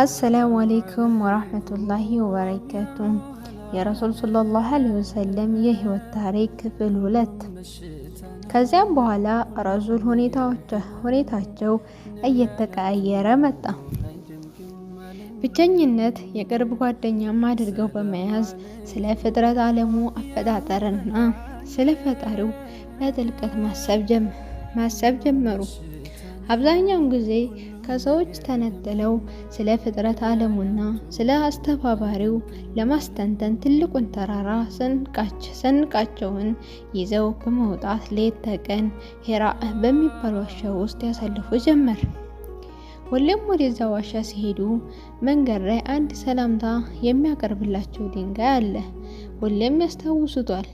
አሰላሙ አሌይኩም ወራህመቱላሂ ወበረከቱ የረሱል ሰለላሁ አለይሂ ወሰለም የህይወት ታሪክ ክፍል ሁለት። ከዚያም በኋላ ረሱል ሁኔታቸው እየተቀያየረ መጣ። ብቸኝነት የቅርብ ጓደኛም አድርገው በመያዝ ስለ ፍጥረት ዓለሙ አፈጣጠርና ስለ ፈጣሪው በጥልቀት ማሰብ ጀመሩ። አብዛኛውን ጊዜ ከሰዎች ተነጥለው ስለ ፍጥረት ዓለሙና ስለ አስተባባሪው ለማስተንተን ትልቁን ተራራ ሰንቃቸውን ይዘው በመውጣት ሌት ተቀን ሄራ በሚባል ዋሻ ውስጥ ያሳልፉ ጀመር። ወሌም ወደዛ ዋሻ ሲሄዱ መንገድ ላይ አንድ ሰላምታ የሚያቀርብላቸው ድንጋይ አለ። ወሌም ያስታውሱቷል።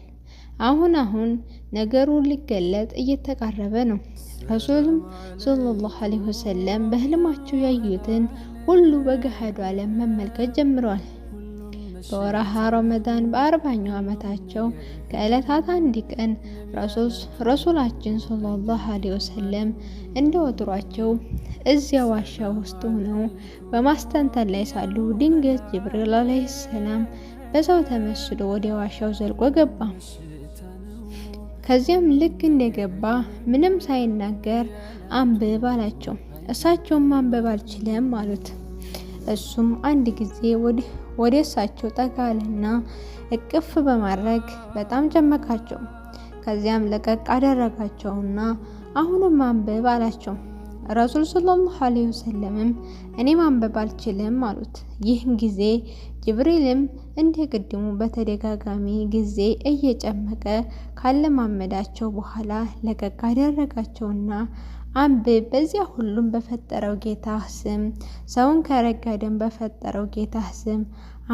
አሁን አሁን ነገሩ ሊገለጥ እየተቃረበ ነው። ረሱሉም ሰለላሁ ዐለይሂ ወሰለም በህልማቸው ያዩትን ሁሉ በገሃዱ ዓለም መመልከት ጀምረዋል። በወርሃ ረመዳን በአርባኛው ዓመታቸው ከዕለታት አንድ ቀን ረሱላችን ሰለላሁ ዐለይሂ ወሰለም እንደ ወትሯቸው እዚያ ዋሻ ውስጥ ሆነው በማስተንተን ላይ ሳሉ ድንገት ጅብሪል ዐለይሂ ሰላም በሰው ተመስሎ ወደ ዋሻው ዘልቆ ገባ። ከዚያም ልክ እንደገባ ምንም ሳይናገር አንብብ አላቸው። እሳቸውም ማንበብ አልችልም አሉት። እሱም አንድ ጊዜ ወደ እሳቸው ጠጋ አለና እቅፍ በማድረግ በጣም ጨመቃቸው። ከዚያም ለቀቅ አደረጋቸውና አሁንም ማንበብ አላቸው። ረሱል ሰለላሁ ዐለይሂ ወሰለምም እኔ ማንበብ አልችልም አሉት። ይህን ጊዜ ጅብሪልም እንደ ቅድሙ በተደጋጋሚ ጊዜ እየጨመቀ ካለማመዳቸው በኋላ ለቀቅ አደረጋቸውና አንብ በዚያ ሁሉም በፈጠረው ጌታ ስም ሰውን ከረጋ በፈጠረው ጌታ ስም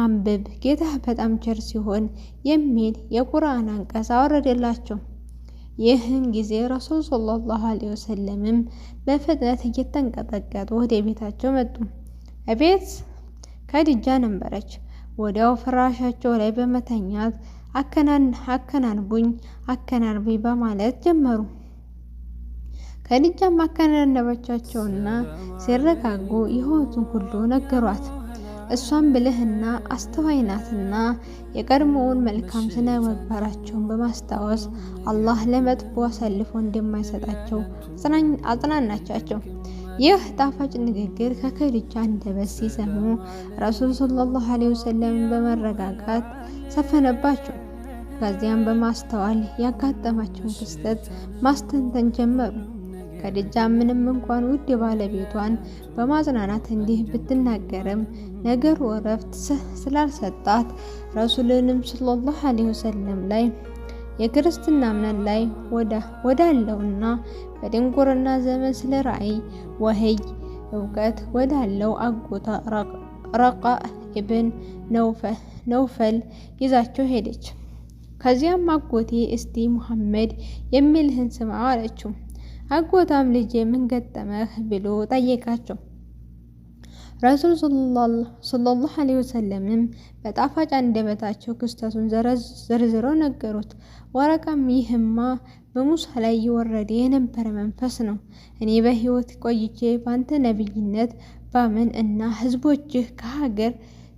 አንብብ፣ ጌታህ በጣም ቸር ሲሆን የሚል የቁርአን አንቀጽ አወረደላቸው። ይህን ጊዜ ረሱል ሰለላሁ ዐለይሂ ወሰለምም በፍጥነት እየተንቀጠቀጡ ወደ ቤታቸው መጡ። እቤት ከድጃ ነበረች። ወዲያው ፍራሻቸው ላይ በመተኛት አከናንቡኝ አከናንቡኝ በማለት ጀመሩ። ከድጃም አከናነበቻቸውና ሲረጋጉ የሆኑትን ሁሉ ነገሯት። እሷም ብልህና አስተዋይ ናትና የቀድሞውን መልካም ስነ መባራቸውን በማስታወስ አላህ ለመጥፎ አሳልፎ እንደማይሰጣቸው አጽናናቻቸው። ይህ ጣፋጭ ንግግር ከከዲጃ አንደበት ሲሰሙ ረሱል ሰለላሁ ዐለይሂ ወሰለም በመረጋጋት ሰፈነባቸው። ከዚያም በማስተዋል ያጋጠማቸውን ክስተት ማስተንተን ጀመሩ። ከድጃ ምንም እንኳን ውድ ባለቤቷን በማጽናናት እንዲህ ብትናገርም ነገሩ እረፍት ስላልሰጣት ረሱልንም ሰለላሁ ዐለይሂ ወሰለም ላይ የክርስትና እምነት ላይ ወዳለውና በድንቁርና ዘመን ስለ ራእይ ወህይ እውቀት ወዳለው አጎታ ረቃ ኢብን ነውፈል ይዛቸው ሄደች። ከዚያም አጎቴ እስቲ ሙሐመድ የሚልህን ስማ አለችው። አጎታም ልጄ ምን ገጠመህ ብሎ ጠየቃቸው። ረሱል ሰለላሁ ዐለይሂ ወሰለምም በጣፋጭ አንደበታቸው ክስተቱን ዘርዝረው ነገሩት። ወረቃም ይህማ በሙሳ ላይ የወረደ የነበረ መንፈስ ነው። እኔ በህይወት ቆይቼ በአንተ ነቢይነት ባምን እና ህዝቦችህ ከሀገር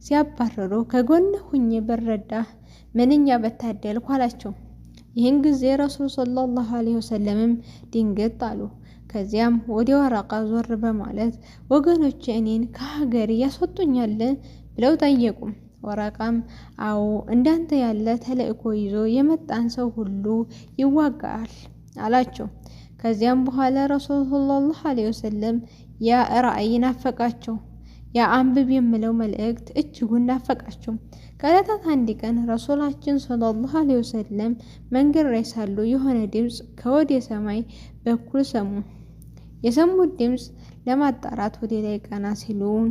ሲያባረሩ ከጎን ሁኜ ብረዳ ምንኛ በታደልኩ አላቸው። ይህን ጊዜ ረሱል ሰለላሁ ዐለይሂ ወሰለምም ድንግጥ አሉ። ከዚያም ወደ ወረቃ ዞር በማለት ወገኖች እኔን ከሀገር ያስወጡኛል ብለው ጠየቁ። ወረቃም አዎ እንዳንተ ያለ ተልእኮ ይዞ የመጣን ሰው ሁሉ ይዋጋል አላቸው። ከዚያም በኋላ ረሱል ሰለላሁ ዐለይሂ ወሰለም ያ ራእይ ናፈቃቸው። የአንብብ የምለው መልእክት እጅጉን ናፈቃቸው። ከእለታት አንድ ቀን ረሱላችን ሰለላሁ ዐለይሂ ወሰለም መንገድ ላይ ሳሉ የሆነ ድምፅ ከወደ ሰማይ በኩል ሰሙ። የሰሙት ድምፅ ለማጣራት ወደ ላይ ቀና ሲሉን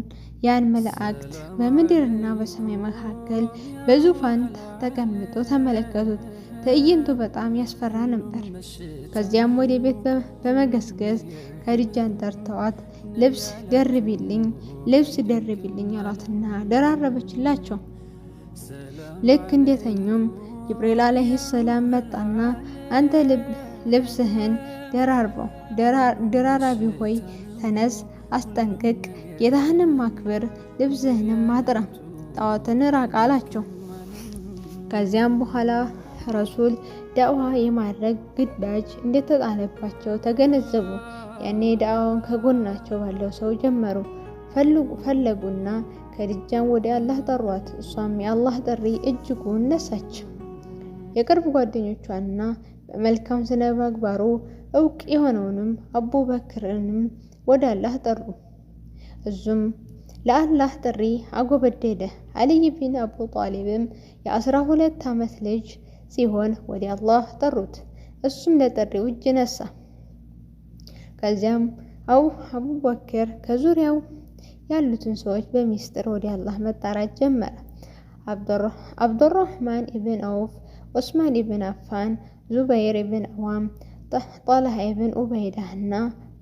ያን መላእክት በምድርና በሰማይ መካከል በዙፋን ተቀምጦ ተመለከቱት። ትዕይንቱ በጣም ያስፈራ ነበር። ከዚያም ወደ ቤት በመገስገስ ከድጃን ጠርተዋት ልብስ ደርቢልኝ፣ ልብስ ደርቢልኝ አሏትና ደራረበችላቸው። ልክ እንደተኙም ጅብሪል አለይሂ ሰላም መጣና አንተ ልብስህን ደራርበው፣ ደራራቢ ሆይ ተነስ፣ አስጠንቅቅ፣ ጌታህንም አክብር፣ ልብስህንም አጥራ፣ ጣዖትን ራቅ አላቸው። ከዚያም በኋላ ረሱል ዳዕዋ የማድረግ ግዳጅ እንደተጣለባቸው ተገነዘቡ። ያኔ ዳዕዋውን ከጎናቸው ባለው ሰው ጀመሩ። ፈለጉና ከድጃም ወደ አላህ ጠሯት። እሷም የአላህ ጥሪ እጅጉን ነሳች። የቅርብ ጓደኞቿና በመልካም ስነ ምግባሩ እውቅ የሆነውንም አቡበክርንም ወደ አላህ ጠሩ። እዙም ለአላህ ጥሪ አጎበደደ። አልይ ቢን አቡ ጣሊብም የአስራ ሁለት ዓመት ልጅ ሲሆን ወደ አላህ ጠሩት። እሱም ለጠሪው እጅ ነሳ። ከዚያም አው አቡበክር ከዙሪያው ያሉትን ሰዎች በሚስጥር ወደ አላህ መጣራት ጀመረ። አብዱራህማን ኢብን አውፍ፣ ዑስማን ኢብን አፋን፣ ዙበይር ኢብን አዋም፣ ጣልሃ ኢብን ኡበይዳ እና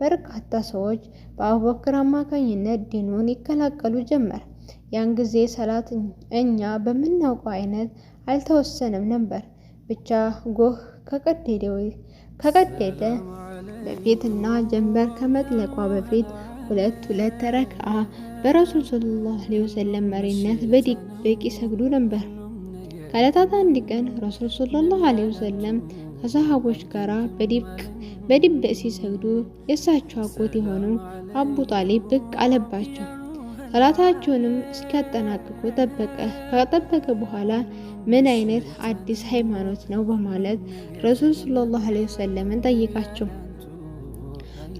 በርካታ ሰዎች በአቡበክር አማካኝነት ዲኑን ይከላቀሉ ጀመር። ያን ጊዜ ሰላት እኛ በምናውቀው አይነት አልተወሰነም ነበር። ብቻ ጎህ ከቀደደ በፊትና ጀንበር ከመጥለቋ በፊት ሁለት ሁለት ረክዓ በረሱል ሰለላሁ ዐለይሂ ወሰለም መሪነት በቂ ሰግዱ ነበር። ከዕለታት አንድ ቀን ረሱል ሰለላሁ ዐለይሂ ወሰለም ከሰሃቦች ጋር በድብቅ ሲሰግዱ የእሳቸው አጎት የሆኑ አቡ ጣሊብ ብቅ አለባቸው። ሰላታቸውንም እስኪያጠናቅቁ ጠበቀ። ከጠበቀ በኋላ ምን አይነት አዲስ ሃይማኖት ነው በማለት ረሱል ሰለላሁ ዐለይሂ ወሰለምን ጠይቃቸው።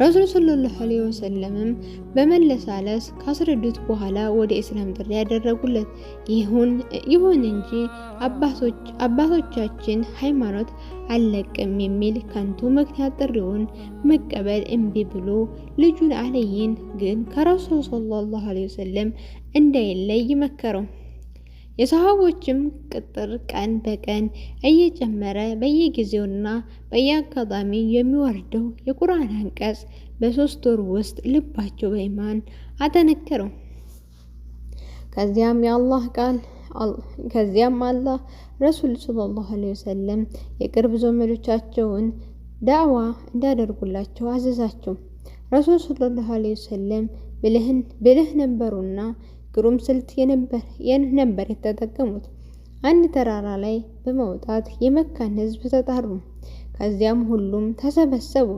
ረሱል ሰለላሁ ዐለይሂ ወሰለምም በመለሳለስ ካስረዱት በኋላ ወደ እስላም ጥሪ ያደረጉለት። ይሁን እንጂ አባቶቻችን ሃይማኖት አለቅም የሚል ከንቱ ምክንያት ጥሪውን መቀበል እምቢ ብሎ ልጁን አልይን ግን ከረሱል ሰለላሁ ዐለይሂ ወሰለም እንዳይለይ መከረው። የሰሃቦችም ቅጥር ቀን በቀን እየጨመረ በየጊዜውና በየአጋጣሚ የሚወርደው የቁርአን አንቀጽ በሶስት ወር ውስጥ ልባቸው በኢማን አጠነከረው። ከዚያም የአላህ ቃል ከዚያም አላህ ረሱል ሰለላሁ ዐለይሂ ወሰለም የቅርብ ዘመዶቻቸውን ዳዕዋ እንዳደርጉላቸው አዘዛቸው። ረሱል ሰለላሁ ዐለይሂ ወሰለም ብልህ ነበሩና ግሩም ስልት ነበር የተጠቀሙት። አንድ ተራራ ላይ በመውጣት የመካን ህዝብ ተጣሩ። ከዚያም ሁሉም ተሰበሰቡ።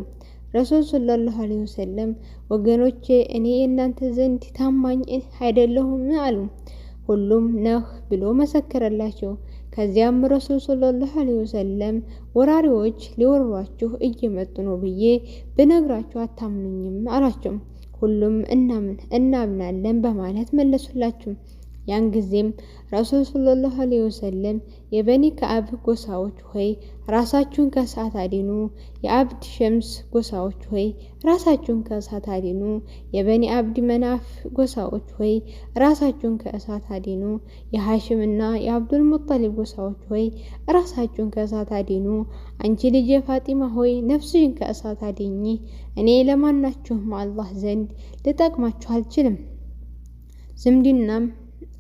ረሱል ሰለላሁ ዐለይሂ ወሰለም ወገኖቼ እኔ የእናንተ ዘንድ ታማኝ አይደለሁም አሉ። ሁሉም ነህ ብሎ መሰከረላቸው። ከዚያም ረሱል ሰለላሁ ዐለይሂ ወሰለም ወራሪዎች ሊወሯችሁ እየመጡ ነው ብዬ ብነግራችሁ አታምኑኝም አላቸው። ሁሉም እናምን እናምናለን በማለት መለሱላችሁ። ያን ጊዜም ረሱል ሰለላሁ ዐለይሂ ወሰለም የበኒ ከአብ ጎሳዎች ሆይ ራሳችሁን ከእሳት አድኑ፣ የአብድ ሸምስ ጎሳዎች ሆይ ራሳችሁን ከእሳት አድኑ፣ የበኒ አብድ መናፍ ጎሳዎች ሆይ ራሳችሁን ከእሳት አድኑ፣ የሐሽም የአብዱል ሙጠሊብ ጎሳዎች ሆይ ራሳችሁን ከእሳት አድኑ፣ አንቺ ልጅ የፋጢማ ሆይ ነፍስሽን ከእሳት አድኚ፣ እኔ ለማናችሁም አላህ ዘንድ ልጠቅማችሁ አልችልም ዝምድናም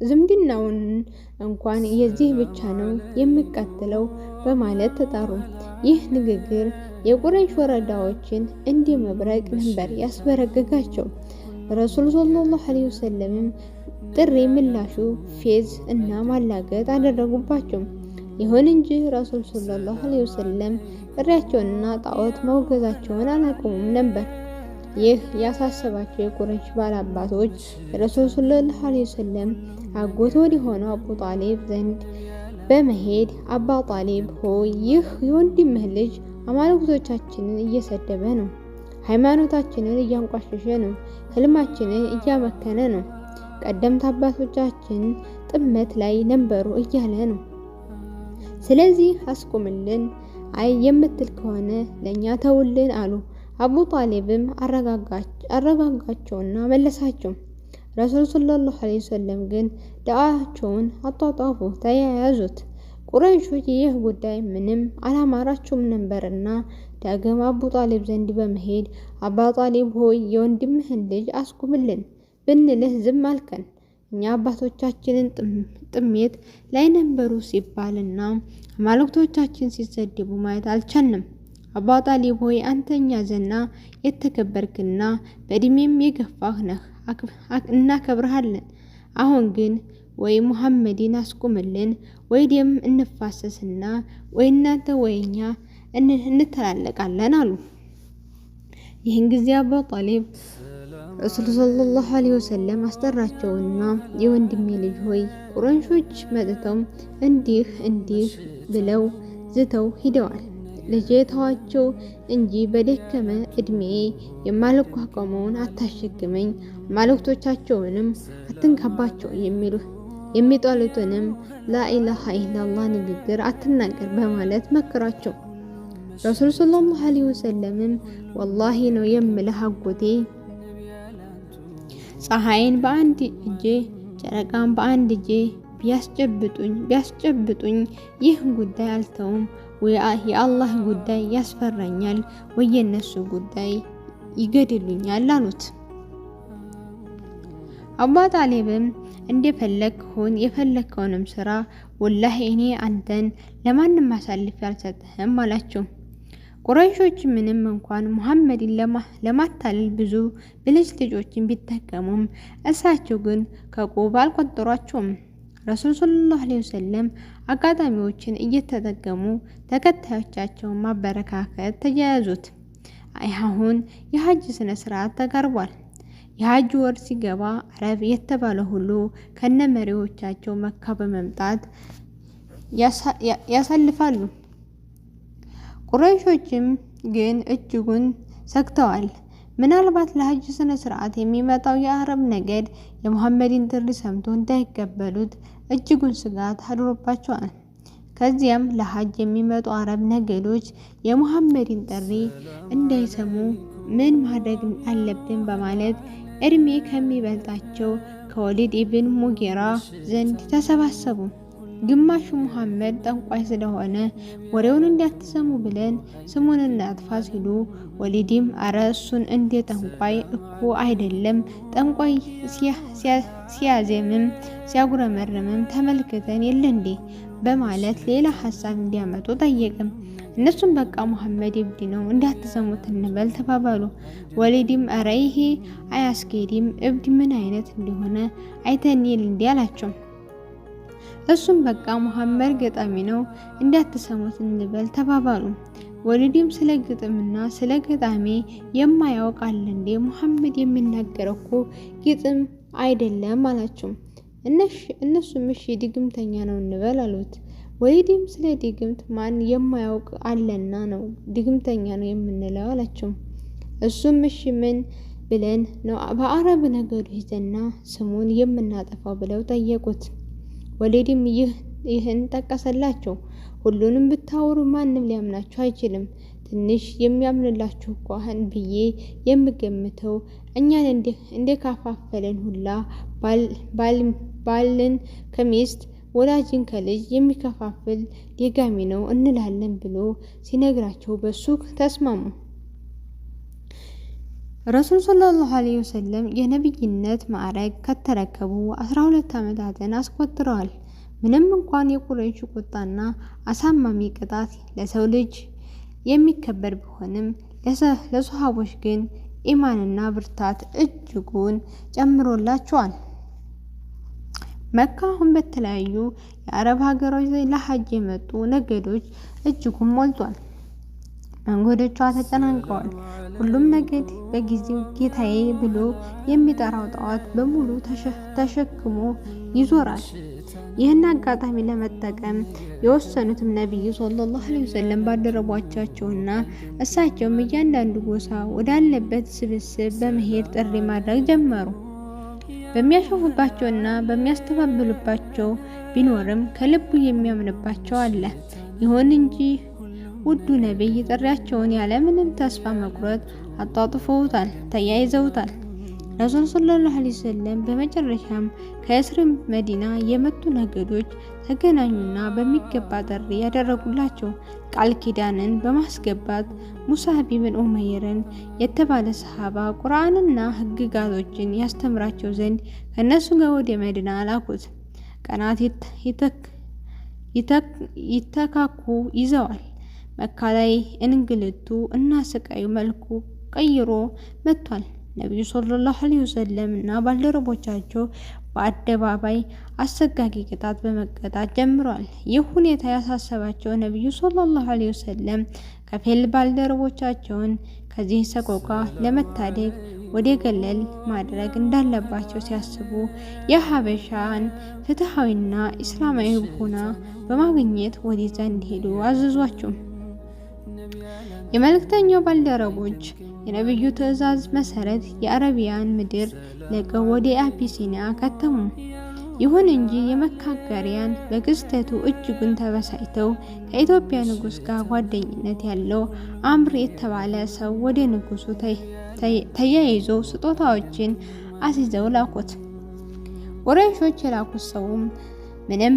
ዝምድናውን እንኳን የዚህ ብቻ ነው የሚቀጥለው በማለት ተጠሩ። ይህ ንግግር የቁረይሽ ወረዳዎችን እንደ መብረቅ ነበር ያስበረግጋቸው። ረሱል ሰለላሁ ዐለይሂ ወሰለምም ጥሪ ምላሹ ፌዝ እና ማላገጥ አደረጉባቸው። ይሁን እንጂ ረሱል ሰለላሁ ዐለይሂ ወሰለም ጥሪያቸውንና ጣዖት መውገዛቸውን አላቆሙም ነበር። ይህ ያሳሰባቸው የቁረሽ ባላባቶች ረሱል ሰለላሁ ዐለይሂ ወሰለም አጎት ወደ አቡ ጣሊብ ዘንድ በመሄድ አባ ጣሊብ ሆይ ይህ የወንድምህ ልጅ አማልክቶቻችንን እየሰደበ ነው፣ ሃይማኖታችንን እያንቋሸሸ ነው፣ ህልማችንን እያመከነ ነው፣ ቀደምት አባቶቻችን ጥመት ላይ ነበሩ እያለ ነው። ስለዚህ አስቁምልን፣ አይ የምትል ከሆነ ለእኛ ተውልን አሉ። አቡ ጣሊብም አረጋጋቸውና መለሳቸው። ረሱል ሰለላሁ ዐለይሂ ወሰለም ግን ዳዓቸውን አጧጧፉ፣ ተያያዙት። ቁረይሾች ይህ ጉዳይ ምንም አላማራቸውም ነበርና ዳግም አቡ ጣሊብ ዘንድ በመሄድ አባ ጣሊብ ሆይ የወንድምህን ልጅ አስቁምልን ብንልህ ዝም አልከን። እኛ አባቶቻችንን ጥሜት ላይ ነበሩ ሲባልና አማልክቶቻችን ሲሰድቡ ማየት አልቻልንም። አባ ጣሊብ ሆይ አንተኛ ዘና የተከበርክና በእድሜም የገፋህ ነህ፣ እናከብርሃለን። አሁን ግን ወይ ሙሐመድን አስቁምልን፣ ወይ ደም እንፋሰስና ወይ እናንተ ወይኛ እንተላለቃለን አሉ። ይህን ጊዜ አባ ጣሊብ ረሱሉ ሰለላሁ ዐለይሂ ወሰለም አስጠራቸውና የወንድሜ ልጅ ሆይ ቁረንሾች መጥተው እንዲህ እንዲህ ብለው ዝተው ሂደዋል ልጄ እንጂ በደከመ እድሜ የማልቋቋመውን አታሸክመኝ፣ ማለክቶቻቸውንም አትንካባቸው የሚሉ የሚጠሉትንም ላኢላሃ ኢላላ ንግግር አትናገር በማለት መከራቸው። ረሱል ሰለላሁ ዐለይሂ ወሰለምም ወላሂ ነው የምልህ አጎቴ ፀሐይን በአንድ እጄ ጨረቃን በአንድ እጄ ቢያስጨብጡኝ ቢያስጨብጡኝ ይህ ጉዳይ አልተውም የአላህ ጉዳይ ያስፈራኛል፣ ወይ የነሱ ጉዳይ ይገድሉኛል አሉት። አባ ጣሊብም እንደፈለግ ሁን፣ የፈለግከውንም ስራ፣ ወላህ እኔ አንተን ለማንም አሳልፌ አልሰጥህም አላቸው። ቁረይሾች ምንም እንኳን ሙሐመድን ለማታለል ብዙ ልጆችን ቢጠቀሙም እሳቸው ግን ከቁብ አልቆጠሯቸውም። ረሱል ሰለላሁ ዐለይሂ ወሰለም አጋጣሚዎችን እየተጠቀሙ ተከታዮቻቸውን ማበረካከት ተያያዙት። አሁን የሀጅ ስነ ስርዓት ተቀርቧል። የሀጅ ወር ሲገባ አረብ የተባለ ሁሉ ከነ መሪዎቻቸው መካ በመምጣት ያሳልፋሉ። ቁረይሾችም ግን እጅጉን ሰግተዋል። ምናልባት ለሀጅ ስነ ስርዓት የሚመጣው የአረብ ነገድ የሙሐመድን ጥሪ ሰምቶ እንዳይቀበሉት እጅጉን ስጋት አድሮባቸዋል። ከዚያም ለሀጅ የሚመጡ አረብ ነገዶች የሙሐመድን ጥሪ እንዳይሰሙ ምን ማድረግ አለብን በማለት እድሜ ከሚበልጣቸው ከወሊድ ኢብን ሙጌራ ዘንድ ተሰባሰቡ። ግማሹ ሙሐመድ ጠንቋይ ስለሆነ ወሬውን እንዲያትሰሙ ብለን ስሙን እናጥፋ ሲሉ ወሊዲም አረ እሱን እንደ ጠንቋይ እኮ አይደለም፣ ጠንቋይ ሲያዜምም ሲያጉረመርምም ተመልክተን የለ እንዴ በማለት ሌላ ሀሳብ እንዲያመጡ ጠየቅም። እነሱም በቃ ሙሐመድ እብድ ነው እንዳትሰሙት እንበል ተባባሉ። ወሊድም አረ ይሄ አያስኬድም፣ እብድ ምን አይነት እንደሆነ አይተን የለ እንዲ አላቸው። እሱም በቃ መሐመድ ገጣሚ ነው እንዳትሰሙት እንበል ተባባሉ። ወሊድም ስለ ግጥምና ስለ ገጣሚ የማያውቅ አለ እንዴ? መሐመድ የሚናገረው እኮ ግጥም አይደለም አላቸው። እነሱም እሺ ድግምተኛ ነው እንበል አሉት። ወሊድም ስለ ድግምት ማን የማያውቅ አለና ነው ድግምተኛ ነው የምንለው አላቸው። እሱም እሺ ምን ብለን ነው በአረብ ነገሩ ይዘና ስሙን የምናጠፋው ብለው ጠየቁት። ወሌድም ይህን ጠቀሰላቸው። ሁሉንም ብታወሩ ማንም ሊያምናችሁ አይችልም። ትንሽ የሚያምንላችሁ ኳህን ብዬ የምገምተው እኛን እንደካፋፈለን ሁላ ባልን ከሚስት ወላጅን ከልጅ የሚከፋፍል ደጋሚ ነው እንላለን ብሎ ሲነግራቸው በሱ ተስማሙ። ረሱል ሰለላሁ ዐለይሂ ወሰለም የነቢይነት ማዕረግ ከተረከቡ 12 ዓመታትን አስቆጥረዋል። ምንም እንኳን የቁረይሽ ቁጣና አሳማሚ ቅጣት ለሰው ልጅ የሚከበር ቢሆንም ለሶሃቦች ግን ኢማንና ብርታት እጅጉን ጨምሮላቸዋል። መካ አሁን በተለያዩ የአረብ ሀገሮች ላይ ለሀጅ የመጡ ነገዶች እጅጉን ሞልቷል። መንጎዶቿ ተጨናንቀዋል። ሁሉም ነገድ በጊዜው ጌታዬ ብሎ የሚጠራው ጣዖት በሙሉ ተሸክሞ ይዞራል። ይህን አጋጣሚ ለመጠቀም የወሰኑትም ነቢዩ ሰለላሁ ዐለይሂ ወሰለም ባልደረቦቻቸውና እሳቸውም እያንዳንዱ ጎሳ ወዳለበት ስብስብ በመሄድ ጥሪ ማድረግ ጀመሩ። በሚያሸፉባቸውና በሚያስተባብሉባቸው ቢኖርም ከልቡ የሚያምንባቸው አለ። ይሁን እንጂ ውዱ ነቢይ ጥሪያቸውን ያለምንም ተስፋ መቁረጥ አጧጥፈውታል፣ ተያይዘውታል። ረሱል ሰለላሁ ዐለይሂ ወሰለም በመጨረሻም ከእስር መዲና የመጡ ነገዶች ተገናኙና በሚገባ ጥሪ ያደረጉላቸው ቃል ኪዳንን በማስገባት ሙሳብ ብን ኡመይርን የተባለ ሰሃባ ቁርአንና ህግጋቶችን ያስተምራቸው ዘንድ ከነሱ ጋር ወደ መዲና አላኩት ቀናት ይተካኩ ይዘዋል። መካ ላይ እንግልቱ እና ስቃዩ መልኩ ቀይሮ መጥቷል። ነቢዩ ሰለላሁ ዐለይሂ ወሰለም እና ባልደረቦቻቸው በአደባባይ አሰጋጊ ቅጣት በመቀጣት ጀምሯል። ይህ ሁኔታ ያሳሰባቸው ነቢዩ ሰለላሁ ዐለይሂ ወሰለም ከፊል ባልደረቦቻቸውን ከዚህ ሰቆቃ ለመታደግ ወደ ገለል ማድረግ እንዳለባቸው ሲያስቡ የሀበሻን ፍትሐዊና ኢስላማዊ ሁና በማግኘት ወደዛ እንዲሄዱ አዘዟቸው። የመልእክተኛው ባልደረቦች የነቢዩ ትእዛዝ መሰረት የአረቢያን ምድር ለቀው ወደ አቢሲኒያ ከተሙ። ይሁን እንጂ የመካገሪያን አጋሪያን በክስተቱ እጅጉን ተበሳጭተው ከኢትዮጵያ ንጉሥ ጋር ጓደኝነት ያለው አምር የተባለ ሰው ወደ ንጉሱ ተያይዞ ስጦታዎችን አስይዘው ላኩት። ቁረይሾች የላኩት ሰውም ምንም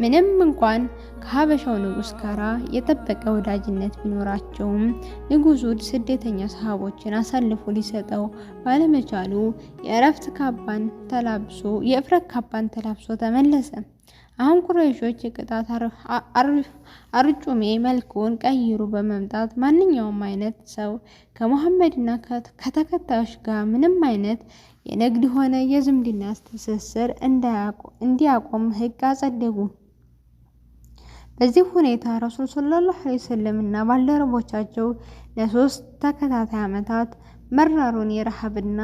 ምንም እንኳን ከሀበሻው ንጉስ ጋራ የጠበቀ ወዳጅነት ቢኖራቸውም ንጉሱ ስደተኛ ሰሃቦችን አሳልፎ ሊሰጠው ባለመቻሉ የእረፍት ካባን ተላብሶ የእፍረት ካባን ተላብሶ ተመለሰ። አሁን ቁረይሾች የቅጣት አርጩሜ መልኩን ቀይሩ በመምጣት ማንኛውም አይነት ሰው ከሙሐመድና ከተከታዮች ጋር ምንም አይነት የንግድ ሆነ የዝምድና ትስስር እንዲያቆም ህግ አጸደጉ። በዚህ ሁኔታ ረሱል ሰለላሁ ዐለይሂ ወሰለም እና ባልደረቦቻቸው ለሶስት ተከታታይ ዓመታት መራሩን የረሃብና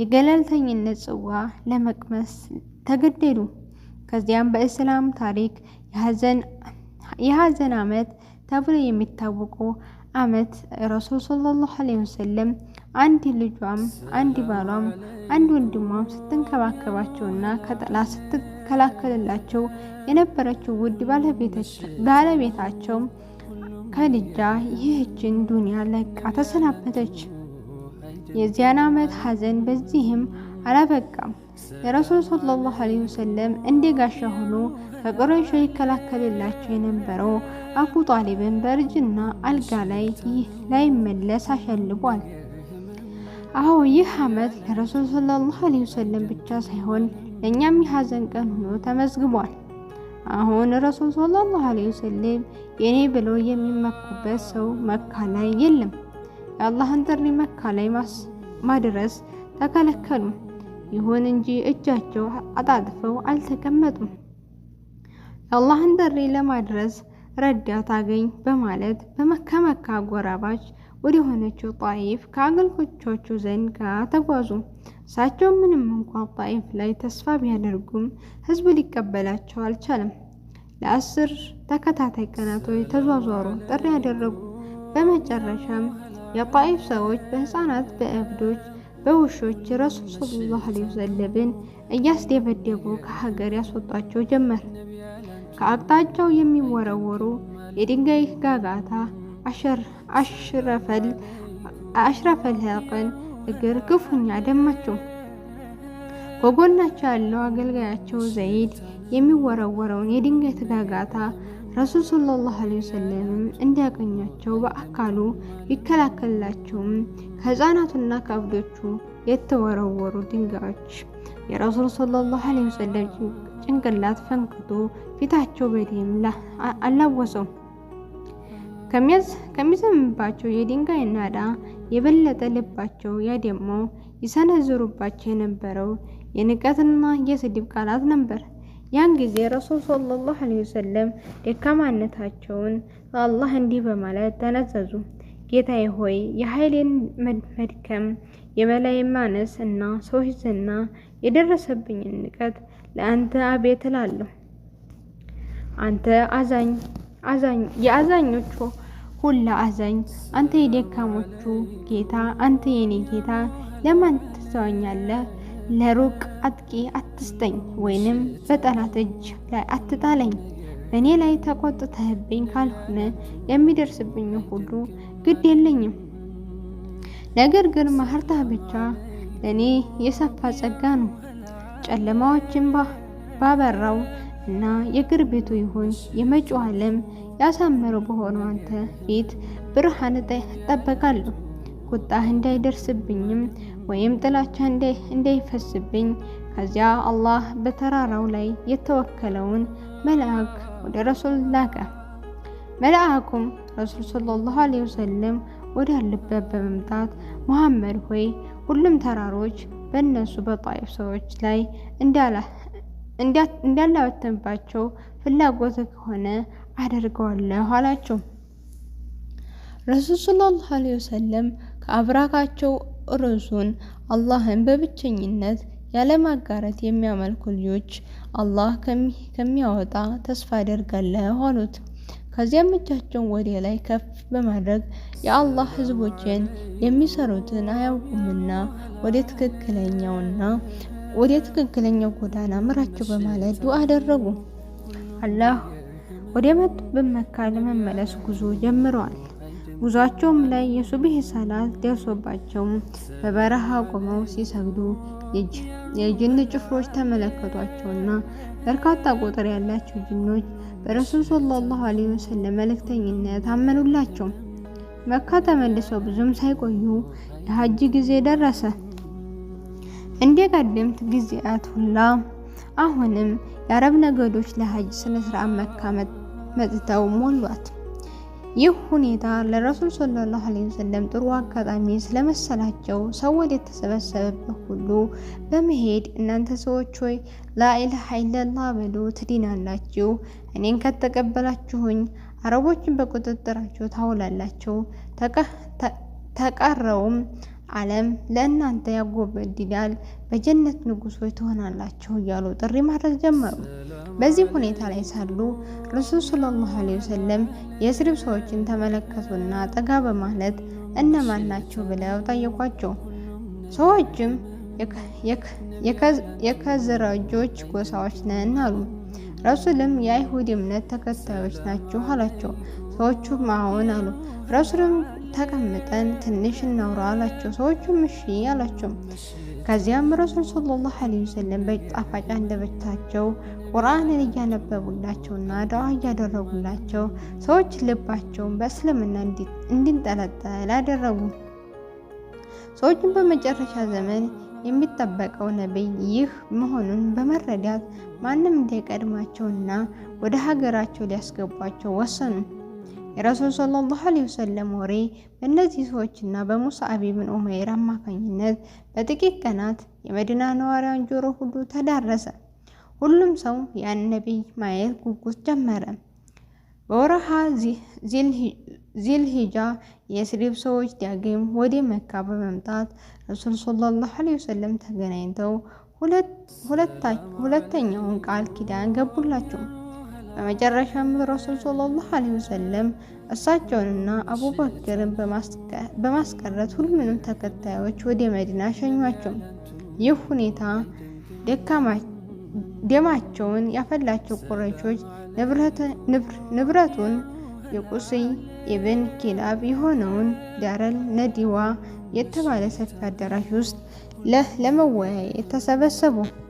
የገለልተኝነት ጽዋ ለመቅመስ ተገደዱ። ከዚያም በእስላም ታሪክ የሐዘን ዓመት ተብሎ የሚታወቀው ዓመት ረሱል ሰለላሁ ዐለይሂ ወሰለም አንድ ልጇም አንድ ባሏም አንድ ወንድሟም ስትንከባከባቸውና ከጠላት ስትከላከልላቸው የነበረችው ውድ ባለቤታቸው ከልጃ ይህችን ዱንያ ለቃ ተሰናበተች። የዚያን ዓመት ሐዘን በዚህም አላበቃም። የረሱል ሰለላሁ ዐለይሂ ወሰለም እንደ ጋሻ ሆኖ ከቁረይሾ ይከላከልላቸው የነበረው አቡ ጣሊብን በእርጅና አልጋ ላይ ላይመለስ አሸልቧል። አዎ ይህ አመት ለረሱል ሰለላሁ ዐለይሂ ወሰለም ብቻ ሳይሆን ለእኛም የሀዘን ቀን ሆኖ ተመዝግቧል። አሁን ረሱል ሰለላሁ ዐለይሂ ወሰለም የኔ ብለው የሚመኩበት ሰው መካ ላይ የለም። የአላህን ጥሪ መካ ላይ ማድረስ ተከለከሉ። ይሁን እንጂ እጃቸው አጣጥፈው አልተቀመጡም። የአላህን ጥሪ ለማድረስ ረዳት አገኝ በማለት በመካ መካ ወደ ሆነችው ጣይፍ ከአገልጋዮቹ ዘንድ ጋር ተጓዙ። እሳቸው ምንም እንኳ ጣይፍ ላይ ተስፋ ቢያደርጉም ህዝብ ሊቀበላቸው አልቻለም። ለአስር ተከታታይ ቀናቶች ተዟዟሩ፣ ጥሪ ያደረጉ። በመጨረሻም የጣይፍ ሰዎች በህፃናት በእብዶች፣ በውሾች ረሱል ሰለላሁ ዐለይሂ ወሰለምን እያስደበደቡ ከሀገር ያስወጧቸው ጀመር። ከአቅጣጫው የሚወረወሩ የድንጋይ ጋጋታ አሸር አሽረፈል ኸልቅን እግር ክፉኛ ደማቸው። ከጎናቸው ያለው አገልጋያቸው ዘይድ የሚወረወረውን የድንጋይ ተጋጋታ ረሱል ሰለላሁ ዐለይሂ ወሰለም እንዲያገኛቸው በአካሉ ቢከላከልላቸውም ከህፃናቱና ከእብዶቹ የተወረወሩ ድንጋዮች የረሱል ሰለላሁ ዐለይሂ ወሰለም ጭንቅላት ፈንክቶ ፊታቸው በደም አላወሰው። ከሚዘንብባቸው የድንጋይ ናዳ የበለጠ ልባቸው ደግሞ ይሰነዝሩባቸው የነበረው የንቀትና የስድብ ቃላት ነበር። ያን ጊዜ ረሱል ሰለላሁ ዐለይሂ ወሰለም ደካማነታቸውን ለአላህ እንዲህ በማለት ተነዘዙ። ጌታዬ ሆይ የኃይሌን መድከም፣ የበላይ ማነስ እና ሰዎች ዝና የደረሰብኝን ንቀት ለአንተ አቤት እላለሁ። አንተ አዛኝ የአዛኞቹ ሁላ አዛኝ አንተ የደካሞቹ ጌታ አንተ የኔ ጌታ ለማን ትተወኛለህ? ለሩቅ አጥቂ አትስጠኝ፣ ወይንም በጠላት እጅ ላይ አትጣለኝ። በእኔ ላይ ተቆጥተህብኝ ካልሆነ የሚደርስብኝ ሁሉ ግድ የለኝም። ነገር ግን ማህርታ ብቻ ለእኔ የሰፋ ጸጋ ነው። ጨለማዎችን ባበራው እና የእግር ቤቱ ይሁን የመጪው ዓለም ያሳመረው በሆነው አንተ ፊት ብርሃን እጠበቃለሁ። ቁጣህ እንዳይደርስብኝም ወይም ጥላቻ እንዳይፈስብኝ። ከዚያ አላህ በተራራው ላይ የተወከለውን መልአክ ወደ ረሱል ላከ። መልአኩም ረሱል ሰለላሁ ዐለይሂ ወሰለም ወዳለበት በመምጣት ሙሐመድ ሆይ ሁሉም ተራሮች በእነሱ በጣይፍ ሰዎች ላይ እንዳላወተንባቸው ፍላጎት ከሆነ አደርገዋለሁ አላቸው። ረሱል ሰለላሁ ዐለይሂ ወሰለም ከአብራካቸው ርዕሱን አላህን በብቸኝነት ያለማጋረት የሚያመልኩ ልጆች አላህ ከሚያወጣ ተስፋ አደርጋለሁ አሉት። ከዚያም እጃቸውን ወደ ላይ ከፍ በማድረግ የአላህ ሕዝቦችን የሚሰሩትን አያውቁምና ወደ ትክክለኛውና ወደ ትክክለኛው ጎዳና ምራቸው በማለት ዱዓ አደረጉ። አላህ ወደ መጡበት መካ ለመመለስ ጉዞ ጀምረዋል። ጉዟቸውም ላይ የሱብህ ሰላት ደርሶባቸው በበረሃ ቆመው ሲሰግዱ የጅን ጭፍሮች ተመለከቷቸውና በርካታ ቁጥር ያላቸው ጅኖች በረሱል ሰለላሁ ዐለይሂ ወሰለም መልእክተኝነት አመኑላቸው። መካ ተመልሰው ብዙም ሳይቆዩ የሀጅ ጊዜ ደረሰ። እንደ ቀደምት ጊዜያት ሁላ አሁንም የአረብ ነገዶች ለሀጅ ስነ ስርዓት መካ መጥተው ሞሏት። ይህ ሁኔታ ለረሱል ሰለላሁ ዐለይሂ ወሰለም ጥሩ አጋጣሚ ስለመሰላቸው ሰው ወደ ተሰበሰበበት ሁሉ በመሄድ እናንተ ሰዎች ሆይ ላኢላሃ ኢለላህ በሉ ትዲናላችሁ፣ እኔን ከተቀበላችሁኝ አረቦችን በቁጥጥራችሁ ታውላላችሁ፣ ተቀረውም ዓለም ለእናንተ ያጎበድዳል፣ በጀነት ንጉሶች ትሆናላችሁ እያሉ ጥሪ ማድረግ ጀመሩ። በዚህ ሁኔታ ላይ ሳሉ ረሱል ሰለላሁ ዐለይሂ ወሰለም የስሪብ ሰዎችን ተመለከቱና ጠጋ በማለት እነማን ናቸው ብለው ጠየቋቸው። ሰዎችም የከዝረጆች ጎሳዎች ነን አሉ። ረሱልም የአይሁድ እምነት ተከታዮች ናችሁ አላቸው። ሰዎቹም አዎን አሉ። ረሱልም ተቀምጠን ትንሽ እናውራ አላቸው። ሰዎቹም እሺ አላቸው። ከዚያም ረሱል ሰለላሁ ዐለይሂ ወሰለም በጣፋጭ አንደበታቸው ቁርአንን እያነበቡላቸውና ዳዋ እያደረጉላቸው ሰዎች ልባቸውን በእስልምና እንዲንጠለጠል አደረጉ። ሰዎችን በመጨረሻ ዘመን የሚጠበቀው ነቢይ ይህ መሆኑን በመረዳት ማንም እንዳይቀድማቸውና ወደ ሀገራቸው ሊያስገቧቸው ወሰኑ። የረሱል ሰለላሁ ዐለይሂ ወሰለም ወሬ በእነዚህ ሰዎችና አቢ ኢብን ኡመይር አማካኝነት በጥቂት ቀናት የመዲና ነዋሪያን ጆሮ ሁሉ ተዳረሰ። ሁሉም ሰው ያን ነቢይ ማየት ጉጉት ጀመረ። በወረሃ ዚልሂጃ የስሪብ ሰዎች ዲያገም ወደ መካ በመምጣት ረሱል ሰለላሁ ዐለይሂ ወሰለም ተገናኝተው ሁለተኛውን ቃል ኪዳን ገቡላቸው። በመጨረሻም ረሱል ሰለላሁ ዐለይሂ ወሰለም እሳቸውንና አቡበክርን በማስቀረት ሁሉንም ተከታዮች ወደ መዲና ሸኟቸው። ይህ ሁኔታ ደማቸውን ያፈላቸው ቁረይሾች ንብረቱን የቁስይ ኢብን ኪላብ የሆነውን ዳረል ነዲዋ የተባለ ሰፊ አዳራሽ ውስጥ ለመወያየት ተሰበሰቡ።